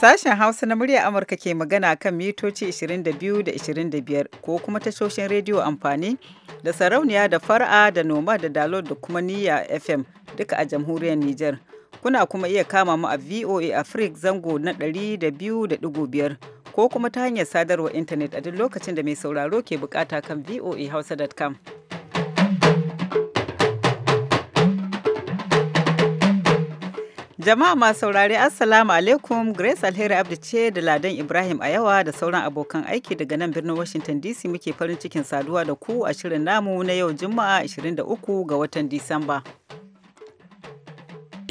Sashen Hausa na murya Amurka ke magana kan mitoci 22 da 25 ko kuma tashoshin rediyo amfani da sarauniya da fara da noma da dalo da kuma niyya FM duka a jamhuriyar Nijar. Kuna kuma iya kama mu a VOA Africa zango na 200.5 ko kuma ta hanyar sadarwar intanet a duk lokacin da mai sauraro ke bukata kan voahausa.com. Jama'a masu saurare Assalamu alaikum Grace Alheri Abdi ce da Ladan Ibrahim a yawa da sauran abokan aiki daga nan birnin Washington DC muke farin cikin saduwa da ku a shirin namu na yau Juma'a 23 ga watan Disamba.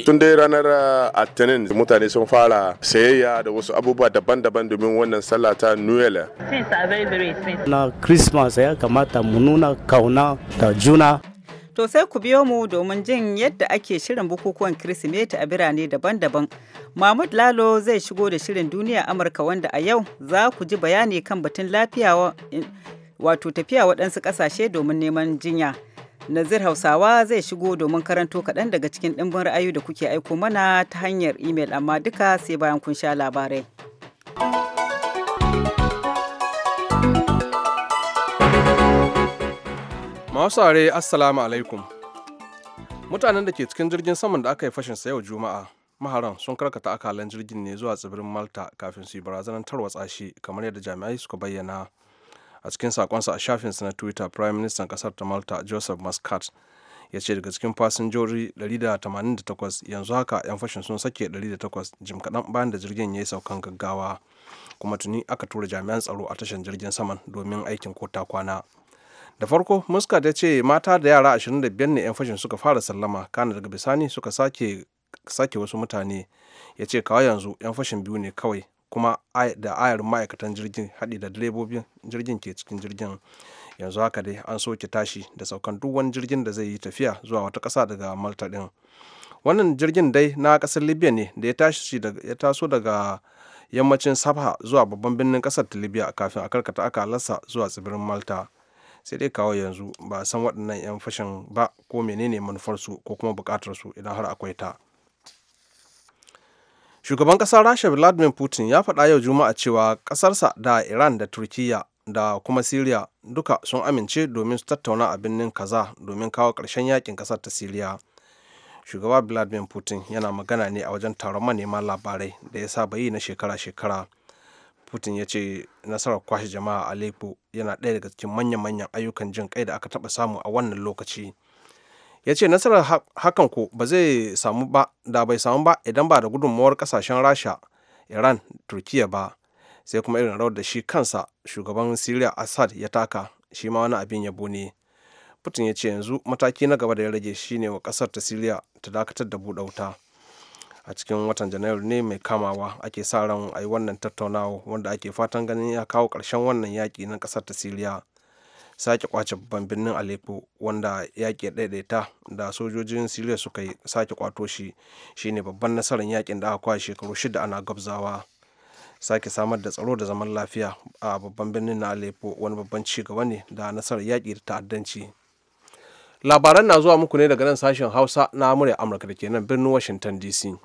tun dai ranar uh, atinin mutane sun fara sayayya da wasu abubuwa daban-daban domin wannan sallah ta noel na christmas ya kamata mu nuna kauna da juna To sai ku biyo mu domin jin yadda ake shirin bukukuwan Kirsimeti a birane daban-daban. Mahmud Lalo zai shigo da shirin duniya Amurka wanda a yau za ku ji bayani kan batun lafiya wato tafiya waɗansu ƙasashe domin neman jinya. Nazir Hausawa zai shigo domin karanto kaɗan daga cikin ɗimbin ra'ayi da kuke aiko mana ta hanyar imel amma duka sai bayan kun sha labarai. Masu are assalamu alaikum. Mutanen da ke cikin jirgin saman da aka yi fashin sa yau Juma'a, maharan sun karkata akalan jirgin ne zuwa tsibirin Malta kafin su yi barazanar tarwatsa shi kamar yadda jami'ai suka bayyana. A cikin sakonsa a shafin na Twitter, Prime Minister kasar ta Malta Joseph Muscat ya ce daga cikin fasinjoji 188 yanzu haka 'yan fashin sun sake 108 jim kaɗan bayan da jirgin ya yi saukan gaggawa kuma tuni aka tura jami'an tsaro a tashar jirgin saman domin aikin ko ta kwana. da farko muska ta ce mata da yara 25 ne 'yan fashin suka fara sallama kana daga bisani suka sake sake wasu mutane ya ce kawai yanzu 'yan fashin biyu ne kawai kuma da ayar ma'aikatan jirgin haɗi da direbobin jirgin ke cikin jirgin yanzu haka dai an soke tashi da saukan duk wani jirgin da zai yi tafiya zuwa wata kasa daga malta ɗin wannan jirgin dai na kasar libya ne da ya taso daga yammacin sabha zuwa babban birnin kasar ta libya kafin a karkata akalarsa zuwa tsibirin malta sai dai kawo yanzu ba san waɗannan 'yan fashin ba ko menene manufarsu ko kuma buƙatarsu idan har akwai ta shugaban ƙasar rasha vladimir putin ya faɗa yau juma'a cewa ƙasarsa da iran da turkiya da kuma siriya duka sun amince domin su tattauna a birnin kaza domin kawo ƙarshen yakin ƙasar ta siriya shugaba vladimir putin yana magana ne a wajen taron manema labarai da ya saba yi na shekara-shekara putin ya ce nasarar kwashe jama'a a aleppo yana ɗaya daga cikin manya-manyan ayyukan jin kai da aka taɓa samu a wannan lokaci ya ce nasarar hakan ko ba zai samu ba da bai samu ba idan ba da gudunmawar kasashen rasha iran turkiyya ba sai kuma irin rawar da shi kansa shugaban syria assad ya taka shi ma wani abin yabo ne putin ya ce yanzu mataki na gaba da ya rage shine wa kasar ta syria ta dakatar da buɗe wuta a cikin watan janairu ne mai kamawa ake sa ran a yi wannan tattaunawa wanda ake fatan ganin ya kawo ƙarshen wannan yaƙi na ƙasar ta siriya sake kwace babban birnin aleppo wanda yaƙi ɗaiɗaita da sojojin siriya suka yi sake kwato shi shine babban nasarar yaƙin da aka kwa shekaru shida ana gabzawa sake samar da tsaro da zaman lafiya a babban birnin na aleppo wani babban ci gaba ne da nasarar yaƙi da ta'addanci labaran na zuwa muku ne daga nan sashen hausa na murya amurka da ke nan birnin washington dc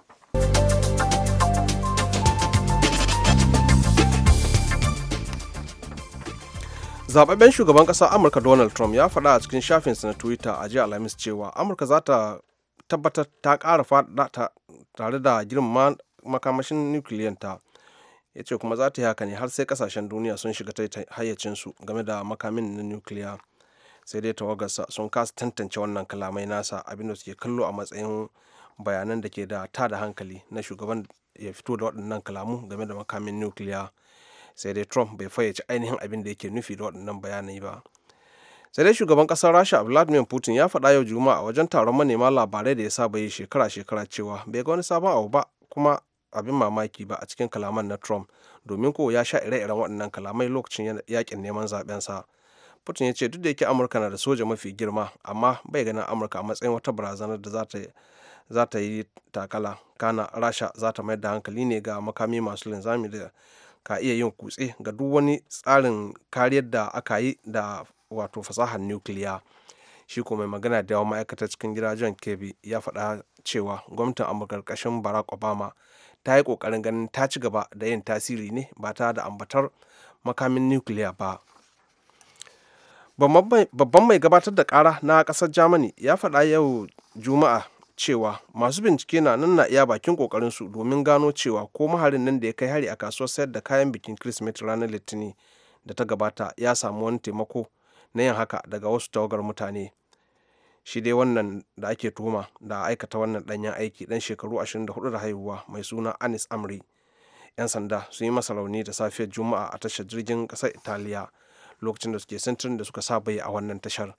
zababben shugaban ƙasar amurka donald trump ya faɗa a cikin shafinsa na twitter a jiya alhamis cewa amurka za ta tabbatar ta ƙara faɗa tare da girma makamashin nukiliyanta ya ce kuma za ta yi haka ne har sai kasashen duniya sun shiga ta hayyacinsu game da makamin na nukiliya sai dai tawagarsa sun kasa tantance wannan kalamai nasa abinda suke kallo a matsayin bayanan da ke da ta da hankali na shugaban ya fito da waɗannan kalamu game da makamin nukiliya sai dai trump bai fayyace ainihin abin da yake nufi da waɗannan bayanai ba sai dai shugaban ƙasar rasha vladimir putin ya faɗa yau juma'a a wajen taron manema labarai da ya saba yi shekara-shekara cewa bai ga wani sabon abu ba kuma abin mamaki ba a cikin kalaman na trump domin ko ya sha ire-iren waɗannan kalamai lokacin yakin neman zaɓensa putin ya ce duk da yake amurka na da soja mafi girma amma bai ganin amurka a matsayin wata barazanar da za ta yi takala kana rasha za ta mayar da hankali ne ga makami masu linzami da ka iya yin kutse ga duk wani tsarin kariyar da aka yi da wato fasahar nukiliya shi kuma mai magana da yawan ma'aikatar cikin gida john kirby ya faɗa cewa gwamnatin amurka ƙarƙashin barack obama ta yi ƙoƙarin ganin ta ci gaba da yin tasiri ne ba ta da ambatar makamin nukiliya ba babban mai gabatar da ƙara na ƙasar germany ya faɗa yau juma'a cewa masu bincike na nan na iya bakin kokarin su domin gano cewa ko maharin nan da ya kai hari a kasuwar sayar da kayan bikin christmas ranar litinin da ta gabata ya samu wani taimako na yin haka daga wasu tawagar mutane shi dai wannan da ake tuhuma da aikata wannan danyen aiki dan shekaru 24 da haihuwa mai suna anis amri 'yan sanda sun yi masa rauni da safiyar juma'a a tashar jirgin kasar italiya lokacin da suke sintirin da suka saba yi a wannan tashar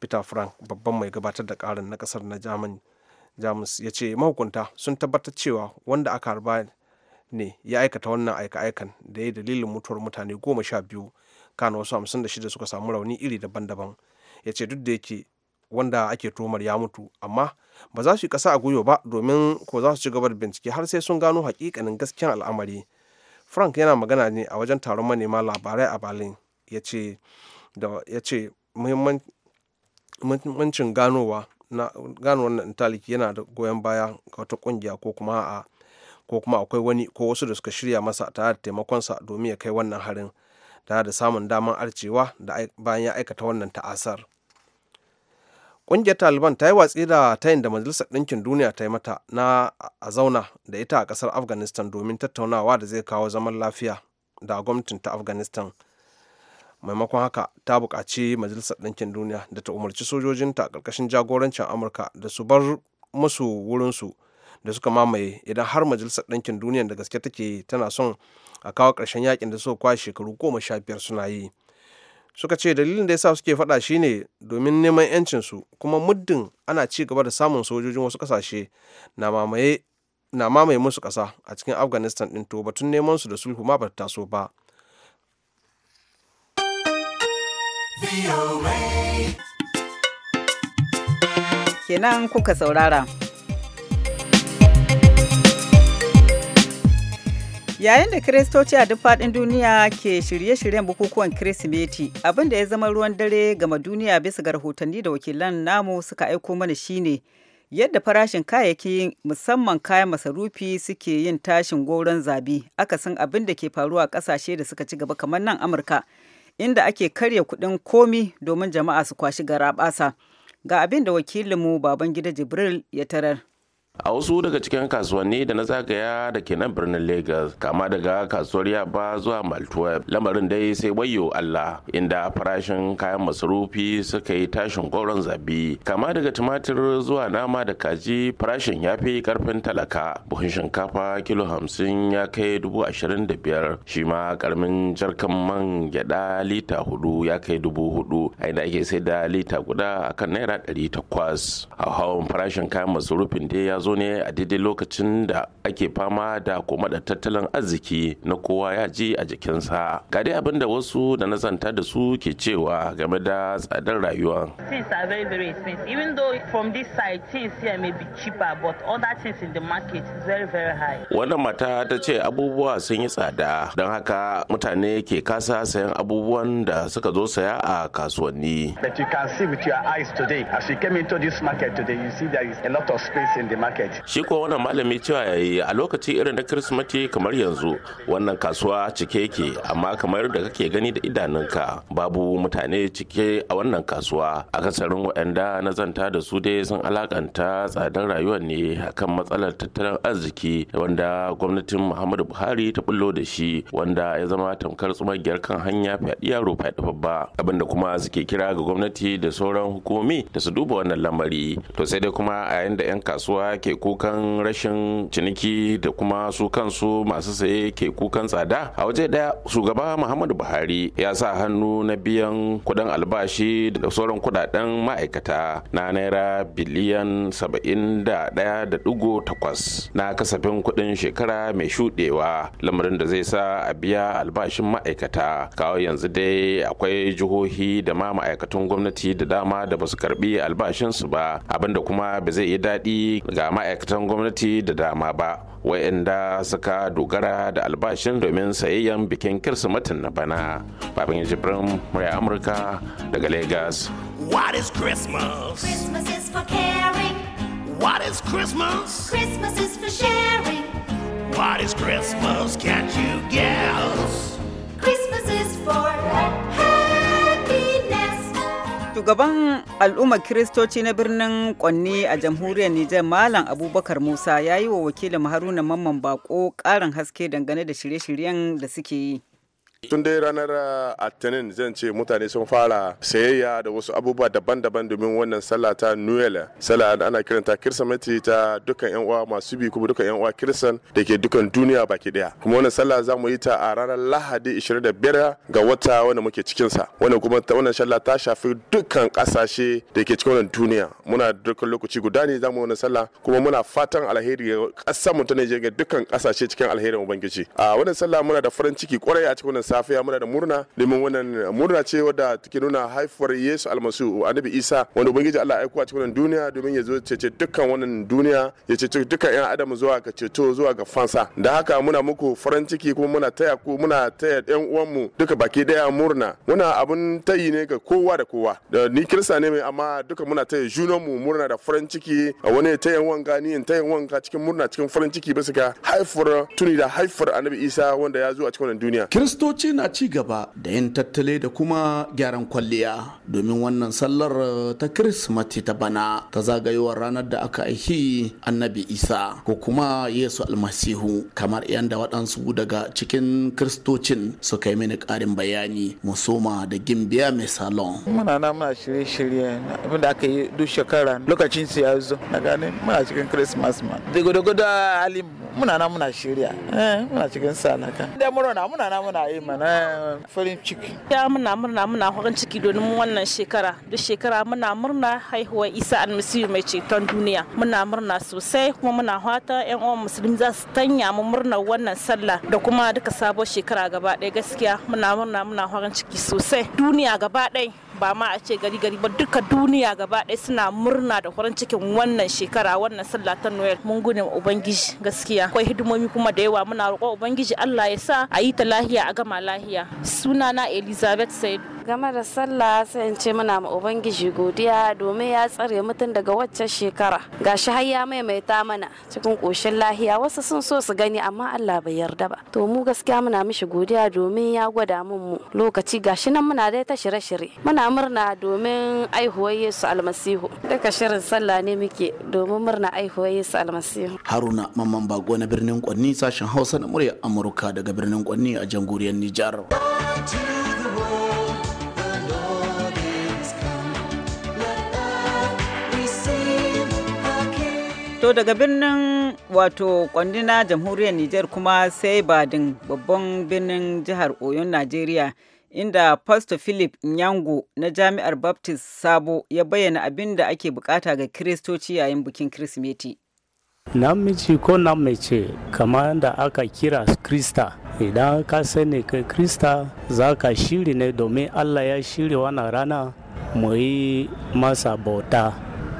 peter frank babban mai gabatar da karin na kasar na germany jamus ya ce mahukunta sun tabbatar cewa wanda aka harba ne ya aikata wannan aika-aikan da ya dalilin mutuwar mutane goma sha biyu kana wasu hamsin da shida suka samu rauni iri daban-daban ya ce duk da yake wanda ake tomar ya mutu amma ba za su yi kasa a gwiwa ba domin ko za su ci gaba da bincike har sai sun gano hakikanin gaskiyan al'amari frank yana magana ne a wajen taron manema labarai a berlin ya ce muhimmancin ganowa na gane wannan taliki yana da goyon baya ga wata kungiya ko kuma a ko kuma akwai wani ko wasu da suka shirya masa tare da sa domin ya kai wannan harin tare da samun daman arcewa da bayan ya aikata wannan ta'asar kungiyar taliban ta yi watsi da tayin da majalisar ɗinkin duniya ta yi mata na a zauna da ita a ƙasar afghanistan domin tattaunawa da zai kawo zaman lafiya da gwamnatin ta afghanistan maimakon haka ta buƙaci majalisar ɗinkin duniya da ta umarci sojojinta ƙarƙashin jagorancin amurka da su bar musu wurinsu da suka mamaye idan har majalisar ɗinkin duniya da gaske take tana son a kawo ƙarshen yakin da suka kwashe shekaru goma sha biyar suna yi suka ce dalilin da yasa suke faɗa shi ne domin neman yancin su kuma muddin ana ci gaba da samun sojojin wasu kasashe na mamaye musu ƙasa a cikin afghanistan ɗin to batun neman su da sulhu ma ba ta taso ba Kenan kuka saurara. Yayin da Kiristoci a duk faɗin duniya ke shirye-shiryen bukukuwan Kirsimeti, abin da ya zama ruwan dare gama duniya bisa ga rahotanni da wakilan namu suka aiko mana shine yadda farashin kayayyaki musamman kayan masarufi suke yin tashin goron zabi akasin abin da ke faruwa a ƙasashe da suka ci gaba kamar nan Amurka. inda ake karya kuɗin komi domin jama'a su kwashi garaɓasa. Ga abin da wakilinmu gida Jibril ya tarar. a wasu daga cikin kasuwanni da na zagaya da ke nan birnin lagos kama daga kasuwar yaba zuwa maltuwa lamarin dai sai wayo allah inda farashin kayan masarufi suka yi tashin goron zabi kama daga tumatir zuwa nama da kaji farashin ya fi karfin talaka buhun shinkafa kilo hamsin ya kai dubu ashirin da biyar shi ma karamin jarkan man gyada lita hudu ya kai dubu hudu a inda ake sai da lita guda akan naira ɗari takwas a hawan farashin kayan masarufin dai ya zo zo ne a daidai lokacin da ake fama da koma da tattalin arziki na kowa ya ji a jikinsa ga dai abin da wasu da na zanta da su ke cewa game da tsadar rayuwa from market wannan mata ta ce abubuwa sun yi tsada don haka mutane ke kasa sayan abubuwan da suka zo saya a kasuwanni But you can see with your eyes today, as you came into this market today, you see there is a lot of space in the market. market shi ko wannan malami cewa ya yi a lokaci irin na kirsimati kamar yanzu wannan kasuwa cike ke amma kamar da kake gani da idanunka babu mutane cike a wannan kasuwa A kasarin waɗanda na zanta da su dai sun alakanta tsadar rayuwa ne akan matsalar tattalin arziki wanda gwamnatin muhammadu buhari ta bullo da shi wanda ya zama tamkar tsumagiyar kan hanya fyaɗi yaro fyaɗi babba abinda kuma suke kira ga gwamnati da sauran hukumi da su duba wannan lamari to sai dai kuma a yayin da 'yan kasuwa ke kukan rashin ciniki da kuma su kansu masu saye ke kukan tsada a waje daya shugaba muhammadu buhari ya sa hannu na biyan kudin albashi da sauran kudaden ma'aikata na naira biliyan 71.8 na kasafin kudin shekara mai shudewa lamarin da zai sa a biya albashin ma'aikata kawo yanzu dai akwai jihohi da ma ma'aikatan gwamnati da dama da basu karbi albashinsu ba abinda kuma ba zai yi daɗi ga ma'aikatan gwamnati da dama ba wa'inda suka dogara da albashin domin sayayyan bikin kirsimatin na bana babin jibrin murya amurka daga lagos what is christmas christmas is for caring what is christmas christmas is for sharing what is christmas can't you guess christmas is for Shugaban al'ummar Kiristoci na birnin Kwanni a jamhuriyar Nijar Malam Abubakar Musa ya yi wa wakilin Haruna Mamman Bako ƙarin haske dangane da shirye-shiryen da suke yi. tun dai ranar ah, atinin zan ce mutane sun fara sayayya da wasu abubuwa daban-daban domin wannan sallah ta noel sallah ana kiranta kirsimeti ta dukkan yan uwa masu bi kuma dukkan yan uwa kirsan da ke dukkan duniya baki daya kuma wannan sallah za mu yi ta a ranar lahadi 25 ga wata wanda muke cikin sa wannan kuma wannan sallah ta shafi dukkan kasashe da ke cikin wannan duniya muna dukkan lokaci guda ne za mu wannan sallah kuma muna fatan alheri ga kasar mu ta Najeriya dukkan kasashe cikin alherin ubangiji a wannan sallah muna da farin ciki kwarai a cikin wannan safiya muna da murna domin wannan murna ce wadda take nuna haifuwar Yesu almasu annabi Isa wanda ubangiji Allah ya aiko a cikin duniya domin ya zo cece dukkan wannan duniya ya cece dukkan yan adam zuwa ga ceto zuwa ga fansa da haka muna muku farin ciki kuma muna taya ku muna taya yan uwanmu duka baki daya murna muna abun tayi ne ga kowa da kowa da ni kirista ne mai amma duka muna taya mu murna da farin ciki a wani taya wanga ni in wan wanga cikin murna cikin farin ciki bisa ga haifuwar tuni da haifuwar annabi Isa wanda ya zo a cikin wannan duniya kiristoci ce na ci gaba da yin tattale da kuma gyaran kwalliya domin wannan sallar eh, ta Kirismati ta bana ta zagayowar ranar da aka aiki annabi Isa ko kuma Yesu almasihu kamar yadda waɗansu daga cikin kiristocin suka yi mini ƙarin bayani musoma da gimbiya mai salon. Muna na muna shirye-shirye abinda aka yi duk shekara lokacin su ya zo na gane muna cikin Christmas ma. Da gudu-gudu muna na muna shirya eh, muna cikin kan. Da muna na muna yi mana farin ciki ya muna murna muna farin ciki domin wannan shekara da shekara muna murna haihuwar isa almasihu mai ceton duniya muna murna sosai kuma muna fata yan uwan musulmi za su tanya mu murnar wannan sallah da kuma duka sabon shekara gaba ɗaya gaskiya muna murna muna farin ciki sosai duniya gaba ɗaya ba ma a ce gari gari ba duka duniya gaba ɗaya suna murna da farin cikin wannan shekara wannan sallah ta noel mun gode ubangiji gaskiya akwai hidimomi kuma da yawa muna roƙon ubangiji allah ya sa a yi ta lahiya a gama lahiya sunana elizabeth said. game da sallah sai in ce muna ma ubangiji godiya domin ya tsare mutum daga waccan shekara gashi har ya maimaita mana cikin koshin lahiya wasu sun so su gani amma Allah bai yarda ba to mu gaskiya muna mishi godiya domin ya gwada mun mu lokaci gashi nan muna dai ta shire-shire muna murna domin aihuwar Yesu almasihu duka shirin sallah ne muke domin murna aihuwar Yesu almasihu Haruna mamman bago na birnin Kwanni sashen Hausa na murya Amurka daga birnin Kwanni a jamhuriyar Nijar. To daga birnin wato kwandina jamhuriyar Nijar kuma sai Badin babban birnin jihar Oyon Najeriya inda Pastor Philip Nyango na Jami'ar Baptist Sabo ya bayyana abin da ake bukata ga Kiristoci yayin bikin Kirsimeti. Namiji ko namace kamar da aka kira Krista idan ka sani ka Krista za ka shiri ne domin Allah ya shiri wannan rana mu yi masa bauta.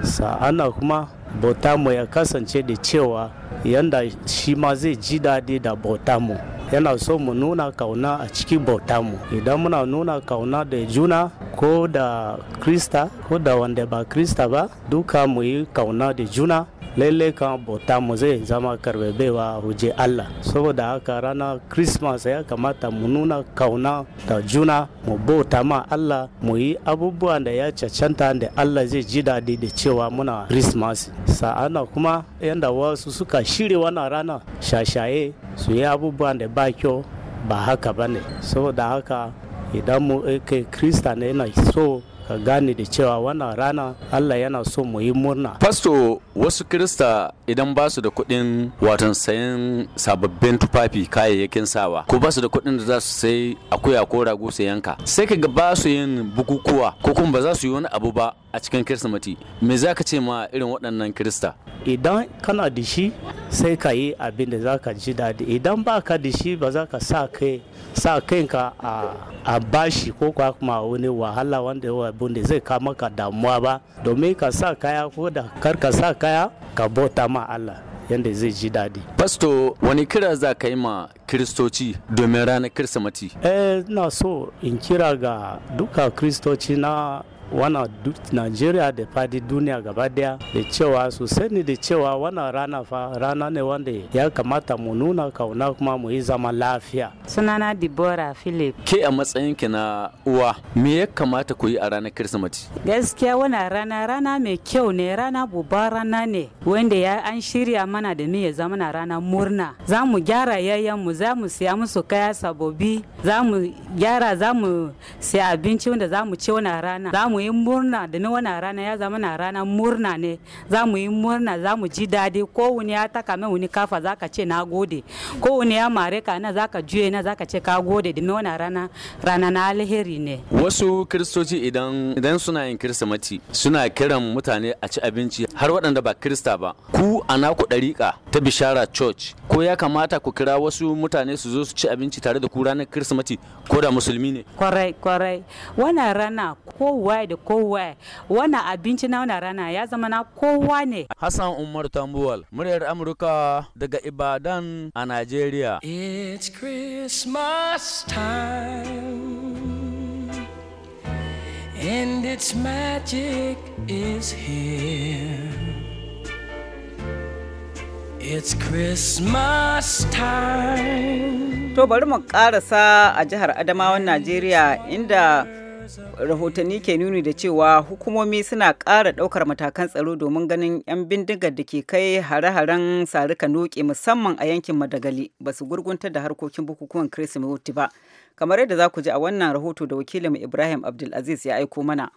Sa'ana kuma bauta mu ya kasance da cewa yanda shi ma zai ji daɗi da bauta mu yana so mu nuna kauna a cikin bauta mu idan muna nuna kauna da juna ko da krista ko da wanda ba krista ba duka mu yi kauna da juna lele kan bauta mu zai zama karbebewa huje Allah saboda haka rana Christmas ya kamata mu nuna kauna da juna mu bauta ma Allah mu yi abubuwan da ya cancanta da Allah zai ji daɗi da cewa muna Christmas sa'ana kuma yanda wasu suka shirya wannan rana shashaye su yi abubuwan da ba kyau ba haka bane. saboda haka idan mu eh, kai krista ne yana so ka gane da cewa wannan rana Allah yana so mu yi murna. Fasto wasu Kirista idan ba su da kuɗin watan sayan sababbin tufafi kayayyakin sawa ko ba su da kuɗin da za su sai akuya ko rago su yanka sai ka ga ba su yin bukukuwa ko kuma ba za su yi wani abu ba a cikin kirsimati me za ka ce ma irin waɗannan kirista idan kana da shi sai ka yi abin da za ka ji daɗi idan ba ka da shi ba za ka sa kai, sa ka a bashi ko kuma wani wahala wanda abin zai kama ka damuwa ba domin ka sa kaya ko da kar ka sa kaya ka bauta ma Allah yadda zai ji daɗi. Pasto wani kira za ka yi ma Kiristoci domin ranar Kirsimati? Eh, na so in kira ga duka Kiristoci na wannan nigeria da fadi duniya gaba daya da cewa su sani da cewa wannan rana fa rana ne wanda ya kamata mu nuna kauna kuma mu yi zama lafiya. Sunana Dibora Philip. Ke a matsayin ki na uwa me ya kamata ku yi a ranar kirsimati Gaskiya wannan rana rana mai kyau ne rana buba rana ne wanda ya an shirya mana da ya zama na rana murna. Za mu gyara yayyan mu za mu siya musu kaya sabobi za mu gyara za mu siya abinci wanda za mu ci wannan rana za mu yi murna da na wannan rana ya zama na rana murna ne za mu yi murna za mu ji daɗi ko wani ya taka mai wani kafa za ka ce na gode ko wani ya mare ka na za ka juye na za ka ce ka gode da na wannan rana rana na alheri ne. wasu kiristoci idan idan suna yin kirsimati suna kiran mutane a ci abinci har waɗanda ba kirista ba ku a naku ɗariƙa ta bishara church ko ya kamata ku kira wasu mutane su zo su ci abinci tare da ku ranar kirsimati ko da musulmi ne. kwarai kwarai wannan rana kowa da kowa wannan abinci na wannan rana ya zama na kowa ne Hassan Umar Tambuwal muryar Amurka daga Ibadan a Najeriya It's Christmas time and its magic is here It's Christmas time. To bari mu karasa a jihar Adamawan Najeriya inda rahotanni ke nuni da cewa hukumomi suna ƙara ɗaukar matakan tsaro domin ganin 'yan bindigar da ke kai hare-haren sarika noke musamman a yankin madagali ba su gurgunta da harkokin bukukuwan kirsimeti ba kamar yadda za ku ji a wannan rahoto da wakilin ibrahim abdulaziz ya aiko mana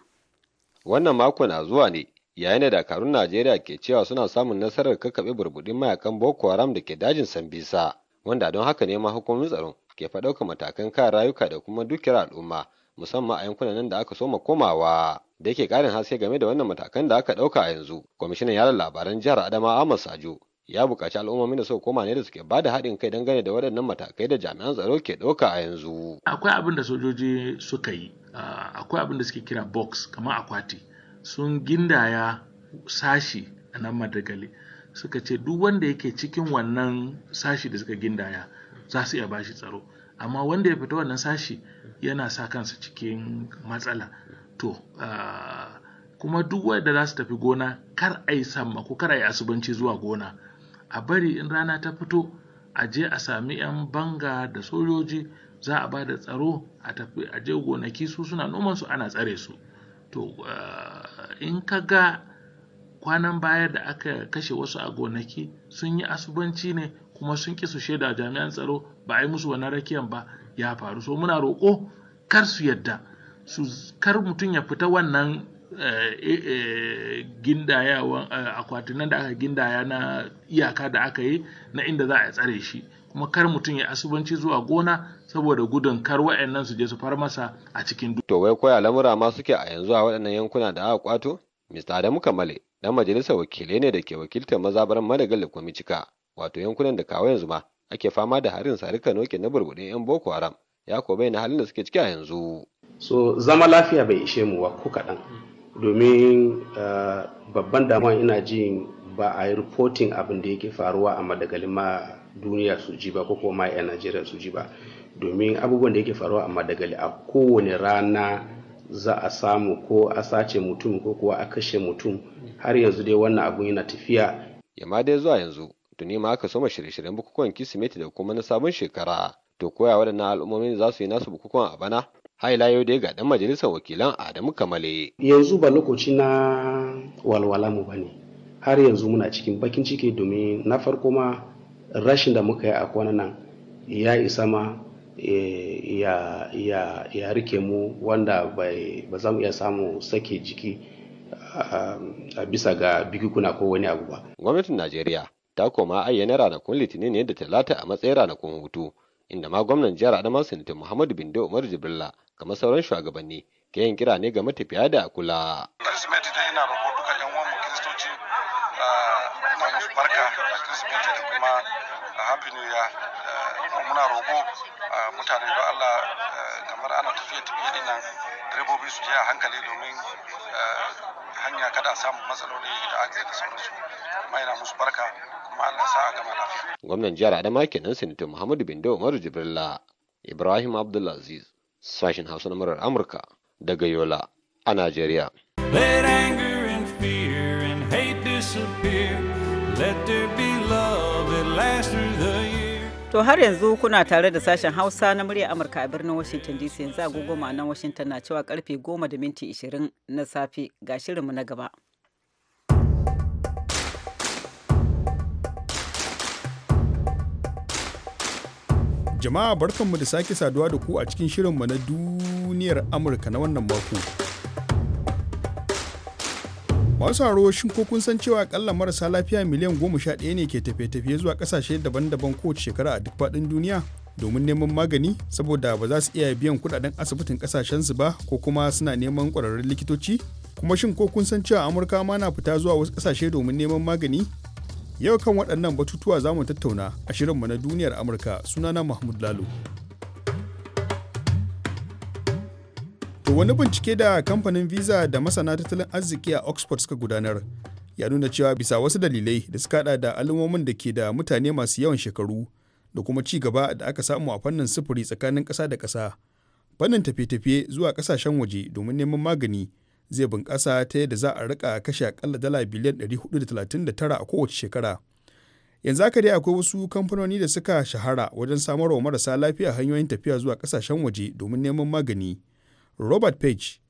wannan mako na zuwa ne yayin da dakarun najeriya ke cewa suna samun nasarar kakkaɓe burbuɗin mayakan boko haram da ke dajin sambisa wanda don haka ne ma hukumomin tsaron ke faɗauka matakan kan rayuka da kuma dukiyar al'umma musamman a yankunan da aka soma komawa da yake karin haske game da wannan matakan da aka dauka a yanzu kwamishinan yada labaran jihar adama ahmad sajo ya bukaci al'ummomin da suka koma ne da suke ba da haɗin kai dangane da waɗannan matakai da jami'an tsaro ke ɗauka a yanzu akwai abin da sojoji suka yi ah, akwai abin da suke kira box kamar akwati sun gindaya sashi a nan madagali suka ce duk wanda yake cikin wannan sashi da suka gindaya za su iya bashi tsaro amma wanda ya fita wannan sashi yana sa kansa cikin matsala to kuma duk wanda za su tafi gona kar a yi sammako kar a yi asubanci zuwa gona a bari in rana ta fito a je a sami 'yan banga da sojoji za a ba da tsaro a tafi a je gonaki su suna noman su ana tsare su to in ka ga kwanan baya da aka kashe wasu a gonaki sun yi asubanci ne kuma sun ƙi su shaida jami'an tsaro ba a yi musu wani rakiyan ba ya faru so muna roƙo kar su yadda su kar mutum ya fita wannan eh, eh, eh, gindayawan akwatinan da aka gindaya na iyaka da aka yi na inda za a tsare shi kuma kar mutum ya asubanci zuwa gona saboda gudun kar wa'annan su je su far masa a cikin duk. To wai koya lamura ma suke a yanzu a waɗannan yankuna da aka kwato? Mr. Adamu Kamale dan majalisar wakilai ne da ke wakiltar mazabaran madagal da kwamicika wato yankunan da kawo yanzu ma ake fama da harin sarika noke na burbuɗin yan boko haram ya ko bayyana halin da suke ciki a yanzu so zama lafiya bai ishe mu ba ko kaɗan domin eh, babban damuwa ina ji ba a yi reporting abin da yake faruwa a madagali ma duniya su ji ba ko kuma ma 'yan najeriya su ji ba domin abubuwan da yake faruwa a madagali a kowane rana za a samu ko a sace mutum ko kuwa a kashe mutum har yanzu dai wannan abun yana tafiya yamma dai zuwa yanzu tuni ma aka soma shirye-shiryen bukukuwan kirsimeti da kuma na sabon shekara to koya waɗannan al'ummomin za su yi nasu bukukuwan a bana haila yau dai ga ɗan majalisar wakilan adamu kamale yanzu ba lokaci na walwala mu ba ne, har yanzu muna cikin bakin ciki domin na farko ma rashin da muka yi a kwanan nan ya isa ma eh, ya rike mu wanda ba za mu iya samu sake jiki a bisa ga bikikuna ko wani abu ba. Gwamnatin Najeriya ta koma ayyana ranakun Litinin ne da Talata a matsayin ranakun hutu, inda ma gwamnan jihar Adama Sinitin Muhammadu Bindo Umar jibrila kamar sauran shugabanni ke yin kira ne ga matafiya da kula. Kirsimeti dai ina roƙo duka ƴan uwan mu Kiristoci ina barka da da kuma Happy New Year. Muna roƙo mutane don Allah kamar ana tafiye tafiye dinnan direbobi su je a hankali domin hanya kada samu matsaloli da ake da sauransu amma yana musu barka kuma Allah sa a gama lafiya gwamnan jihar Adama kenan Sanato Muhammadu Bindo Umaru Jibrilla Ibrahim Abdulaziz sashen Hausa na murar Amurka daga Yola a Najeriya Let anger and fear and hate disappear let there be To har yanzu kuna tare da sashen Hausa na murya Amurka a birnin Washington DC yanzu agogo ma'anan Washington na cewa karfe 10 da minti 20 na safe ga shirinmu na gaba. Jama'a barkanmu da sake saduwa da ku a cikin shirinmu na duniyar Amurka na wannan mako. masu haro shin ko kun san cewa akalla marasa lafiya miliyan goma sha ɗaya ne ke tafiye-tafiye zuwa ƙasashe daban-daban kowace shekara a duk faɗin duniya domin neman magani saboda ba za su iya biyan kuɗaɗen asibitin ƙasashensu ba ko kuma suna neman ƙwararrun likitoci kuma shin ko kun san cewa amurka ma na fita zuwa wasu ƙasashe domin neman magani yau kan waɗannan batutuwa za mu tattauna a shirinmu na duniyar amurka sunana mahmud lalo To wani bincike da kamfanin Visa da masana tattalin arziki a Oxford suka gudanar ya nuna cewa bisa wasu dalilai da suka hada da al'ummomin da ke da mutane masu yawan shekaru da kuma ci gaba da aka samu a fannin sufuri tsakanin ƙasa da ƙasa. Fannin tafiye-tafiye zuwa ƙasashen waje domin neman magani zai bunƙasa ta yadda za a rika kashe akalla dala biliyan 439 a kowace shekara. Yanzu haka dai akwai wasu kamfanoni da suka shahara wajen samarwa marasa lafiya hanyoyin tafiya zuwa ƙasashen waje domin neman magani. robert page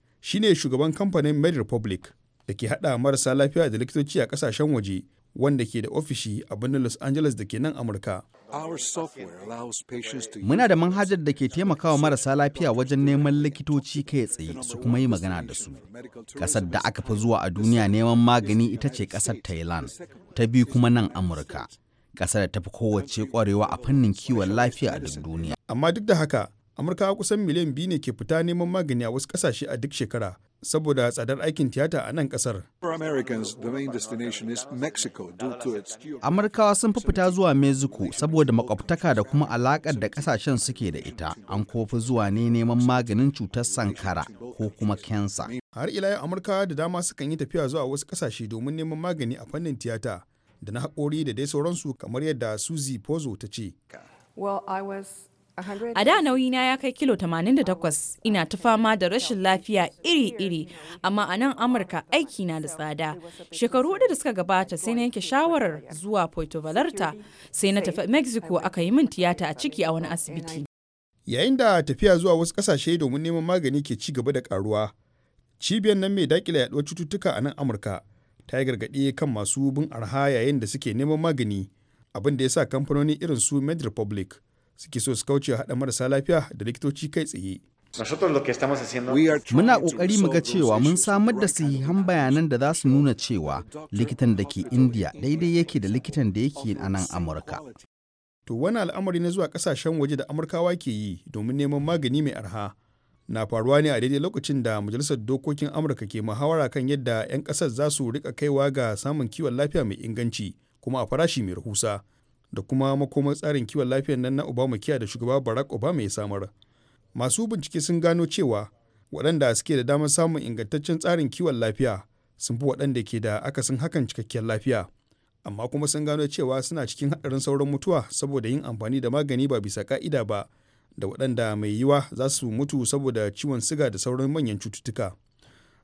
ne shugaban kamfanin medrepublic da ke haɗa marasa lafiya da likitoci a ƙasashen waje wanda ke da ofishi a birnin los angeles da ke nan amurka muna da manhajar da ke taimakawa marasa lafiya wajen neman likitoci kai tsaye su kuma yi magana da su kasar da aka fi zuwa a duniya neman magani ita ce ƙasar thailand ta biyu kuma nan amurka kasar da ta fi kowace kwarewa a fannin kiwon lafiya a duk duniya amma duk da haka amurka kusan miliyan biyu ne ke fita neman magani a wasu kasashe a duk shekara saboda tsadar aikin tiyata a nan kasar amurkawa sun fi fita zuwa mexico saboda makwabtaka da kuma alakar da kasashen suke da ita an kofi zuwa ne neman maganin cutar sankara ko kuma kensa har ila yau amurkawa da dama sukan yi tafiya zuwa wasu kasashe domin neman magani a fannin tiyata da na haƙori da dai sauransu kamar yadda suzy pozo ta ce well, I A da nauyi na ya kai kilo 88 ina ta fama da rashin lafiya iri-iri, amma a nan Amurka aiki na da tsada. Shekaru hudu da suka gabata sai na yanke shawarar zuwa Puerto Vallarta sai na tafi Mexico aka yi min tiyata a ciki a wani asibiti. Yayin da tafiya zuwa wasu kasashe domin neman magani ke ci gaba da karuwa, cibiyar nan mai dakila yaɗuwar cututtuka a nan Amurka ta yi gargaɗi kan masu bin arha yayin da suke neman magani, abin da ya sa kamfanoni irin su Med Republic suke so su kauce haɗa marasa lafiya da likitoci kai tsaye. Muna ƙoƙari muga cewa mun samar da sahihan bayanan da za su nuna cewa likitan da ke indiya daidai yake da likitan da yake a nan Amurka. To wani al'amari na zuwa ƙasashen waje da Amurkawa ke yi domin neman magani mai arha na faruwa ne a daidai lokacin da Majalisar Dokokin Amurka ke muhawara kan yadda 'yan ƙasar za su riƙa kaiwa ga samun kiwon lafiya mai inganci kuma a farashi mai rahusa da kuma makomar tsarin kiwon lafiyar nan na kiya da shugaba barack obama ya samar masu bincike sun gano cewa waɗanda suke da damar samun ingantaccen tsarin kiwon lafiya sun fi waɗanda ke da akasin hakan cikakkiyar lafiya amma kuma sun gano cewa suna cikin haɗarin sauran mutuwa saboda yin amfani da magani ba bisa ka'ida ba da waɗanda mai yiwa za su mutu saboda ciwon siga da sauran manyan cututtuka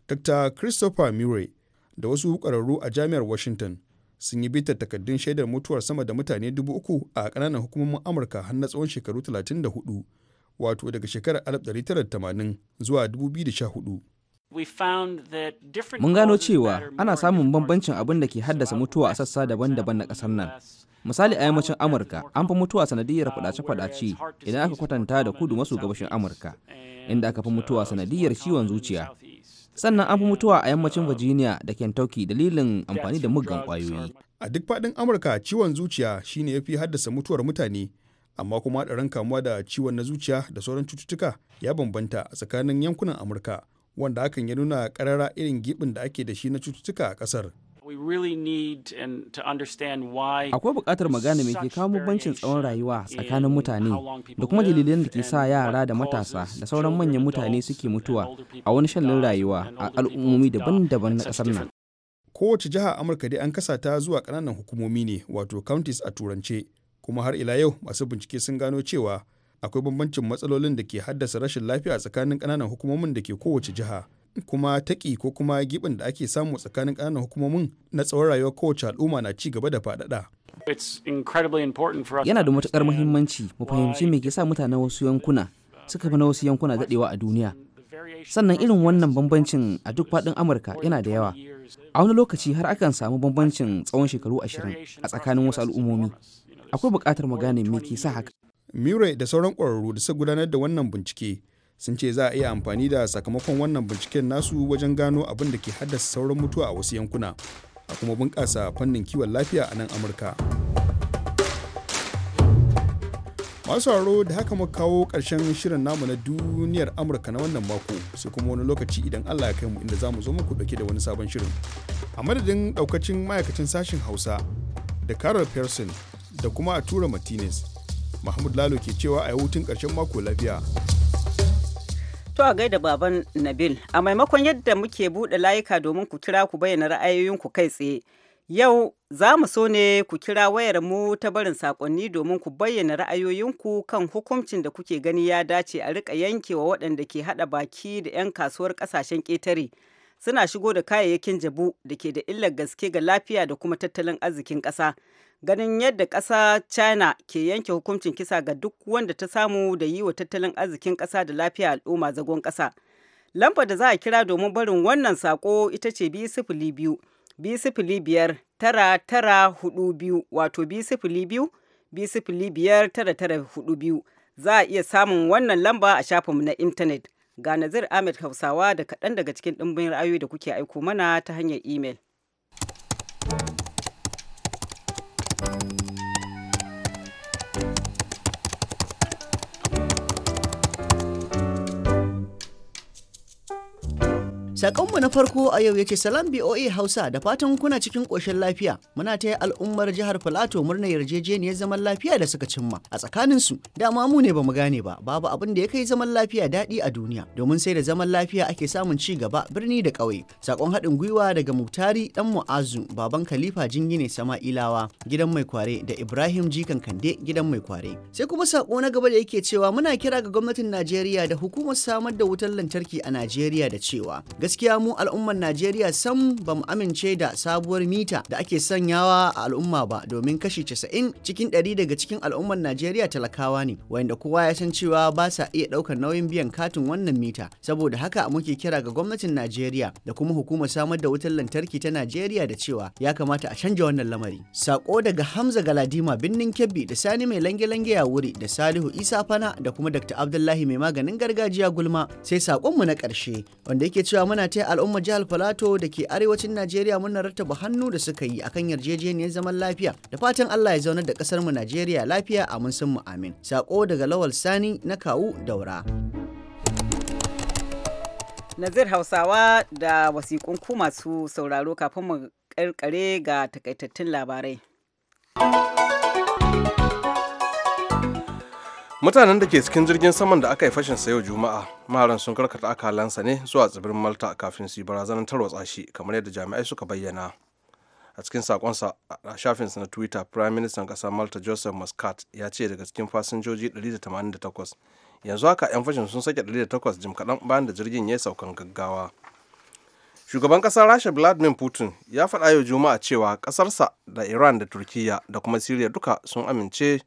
dr christopher murray da wasu ƙwararru a jami'ar washington sun yi bitar takaddun shaidar mutuwar sama da mutane dubu uku a ƙananan hukumomin amurka har na tsawon shekaru 34 wato daga shekarar 1980 zuwa 2014 Mun gano cewa ana samun bambancin abin da ke haddasa mutuwa a sassa daban-daban na ƙasar nan. Misali a yammacin uh, Amurka, an fi mutuwa sanadiyar fadace-fadace idan aka kwatanta da kudu maso gabashin Amurka, inda aka fi mutuwa uh, sanadiyar ciwon zuciya. sannan an fi mutuwa a yammacin virginia da kentucky dalilin amfani da muggan kwayoyi a duk faɗin amurka ciwon zuciya shine ya fi haddasa mutuwar mutane amma kuma haɗarin kamuwa da ciwon na zuciya da sauran cututtuka ya bambanta a tsakanin yankunan amurka wanda hakan ya nuna ƙarara irin gibin da ake da shi na cututtuka a ƙasar Akwai buƙatar magana mai ke kawo bambancin tsawon rayuwa tsakanin mutane da kuma dalilan da ke sa yara da matasa da sauran manyan mutane suke mutuwa a wani shallin rayuwa a al'ummomi daban-daban na ƙasar nan. Kowace jiha Amurka dai an kasa ta zuwa ƙananan hukumomi ne wato counties a turance kuma har ila yau masu bincike sun gano cewa akwai bambancin matsalolin da ke haddasa rashin lafiya tsakanin ƙananan hukumomin da ke kowace jiha. kuma taƙi ko kuma gibin da ake samu tsakanin ƙananan hukumomin na tsawon rayuwar kowace al'umma na ci gaba da faɗaɗa. Yana da matuƙar muhimmanci mu fahimci me ke sa mutanen wasu yankuna suka fi na wasu yankuna daɗewa a duniya. Sannan irin wannan bambancin a duk faɗin Amurka yana da yawa. A wani lokaci har akan samu bambancin tsawon shekaru ashirin a tsakanin wasu al'ummomi. Akwai buƙatar mu gane me ke sa haka. Mure da sauran ƙwararru da suka gudanar da wannan bincike sun ce za a iya amfani da sakamakon wannan binciken nasu wajen gano abin da ke haddasa sauran mutuwa a wasu yankuna a kuma bunƙasa fannin kiwon lafiya a nan amurka masu sauraro da haka muka kawo ƙarshen shirin namu na duniyar amurka na wannan mako su kuma wani lokaci idan allah ya kai mu inda za mu zo muku dauke da wani sabon shirin a madadin daukacin ma'aikacin sashen hausa da carol pearson da kuma a tura martinez mahmud lalo ke cewa a yi hutun ƙarshen mako lafiya To a gaida baban Nabil, a maimakon yadda muke buɗe layuka domin ku kira ku bayyana ra'ayoyinku kai tsaye. Yau za mu so ne ku kira wayar mu ta barin sakonni domin ku bayyana ra'ayoyinku kan hukuncin da kuke gani ya dace a riƙa yankewa waɗanda ke haɗa baki da 'yan kasuwar ƙasashen ƙetare suna shigo da kayayyakin jabu da ke da illar gaske ga lafiya da kuma tattalin arzikin ƙasa. Ganin yadda ƙasa China ke yanke hukuncin kisa ga duk wanda ta samu da yi wa tattalin arzikin ƙasa da lafiya al'umma zagon ƙasa. lamba da za a kira domin barin wannan sako ita ce biyu sifili biyu, biyu sifili biyar, tara tara hudu biyu, wato biyu sifili biyu, biyu sifili biyar tara tara hudu biyu. Za a iya samun wannan lamba a shafinmu na intanet. ga Nazir Ahmed Hausawa da kaɗan daga cikin ɗimbin ra'ayoyi da kuke aiko mana ta hanyar imel. Sakonmu na farko a yau ya salam BOA Hausa da fatan kuna cikin koshin lafiya. Muna ta yi al'ummar jihar Filato murnar yarjejeniyar zaman lafiya da suka cimma a tsakanin su. Dama mu ne bamu gane ba, babu abin da ya kai zaman lafiya daɗi a duniya. Domin sai da zaman lafiya ake samun ci gaba birni da ƙauye. Sakon haɗin gwiwa daga Muktari dan Mu'azu, baban Khalifa Jingine Sama'ilawa, gidan mai kware da Ibrahim Jikan Kande gidan mai kware. Sai kuma sako na gaba da yake cewa muna kira ga gwamnatin Najeriya da hukumar samar da wutar lantarki a Najeriya da cewa gaskiya mu al'ummar najeriya sam ba mu amince da sabuwar mita da ake sanyawa a al'umma ba domin kashi 90 cikin 100 daga cikin al'ummar najeriya talakawa ne wanda kowa ya san cewa ba sa iya ɗaukar nauyin biyan katin wannan mita saboda haka muke kira ga gwamnatin najeriya da kuma hukumar samar da wutar lantarki ta najeriya da cewa ya kamata a canja wannan lamari sako daga hamza galadima birnin kebbi da sani mai lange-lange ya wuri da salihu isa fana da kuma dr abdullahi mai maganin gargajiya gulma sai sakonmu na karshe wanda yake cewa muna ana ta al'umma jihar falato da ke arewacin Najeriya muna rattaba hannu da suka yi akan yarjejeniyar zaman lafiya da fatan Allah ya zaunar da kasar mu Najeriya lafiya a mun mu amin. Sako daga Lawal Sani na Kawu Daura. Nazir Hausawa da wasiƙun ku masu sauraro kafin mu karkare ga takaitattun labarai. mutanen da ke cikin jirgin saman da aka yi fashin yau juma'a maharan sun karkata akalansa ne zuwa tsibirin malta kafin su yi barazanar tarwatsa shi kamar yadda jami'ai suka bayyana a cikin sakonsa a shafinsa na twitter prime minister kasar malta joseph muscat ya ce daga cikin fasinjoji 188 yanzu haka 'yan fashin sun sake 108 jim kaɗan bayan da jirgin ya yi saukan gaggawa shugaban kasar rasha vladimir putin ya faɗa yau juma'a cewa ƙasarsa da iran da turkiyya da kuma siriya duka sun amince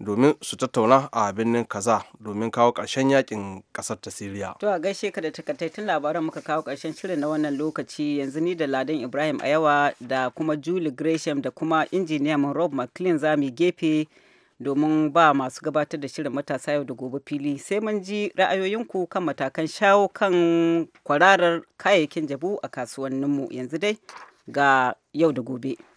domin su tattauna a birnin kaza domin kawo ƙarshen yakin ƙasar ta siriya to a gaishe ka da takaitattun labaran muka kawo ƙarshen shirin na wannan lokaci yanzu ni da ladan ibrahim ayawa da kuma julie gresham da kuma injiniyan rob mclean za mu gefe domin ba masu gabatar da shirin matasa yau da gobe fili sai mun ji ra'ayoyinku kan matakan shawo kan kwararar kayayyakin jabu a kasuwanninmu yanzu dai ga yau da gobe.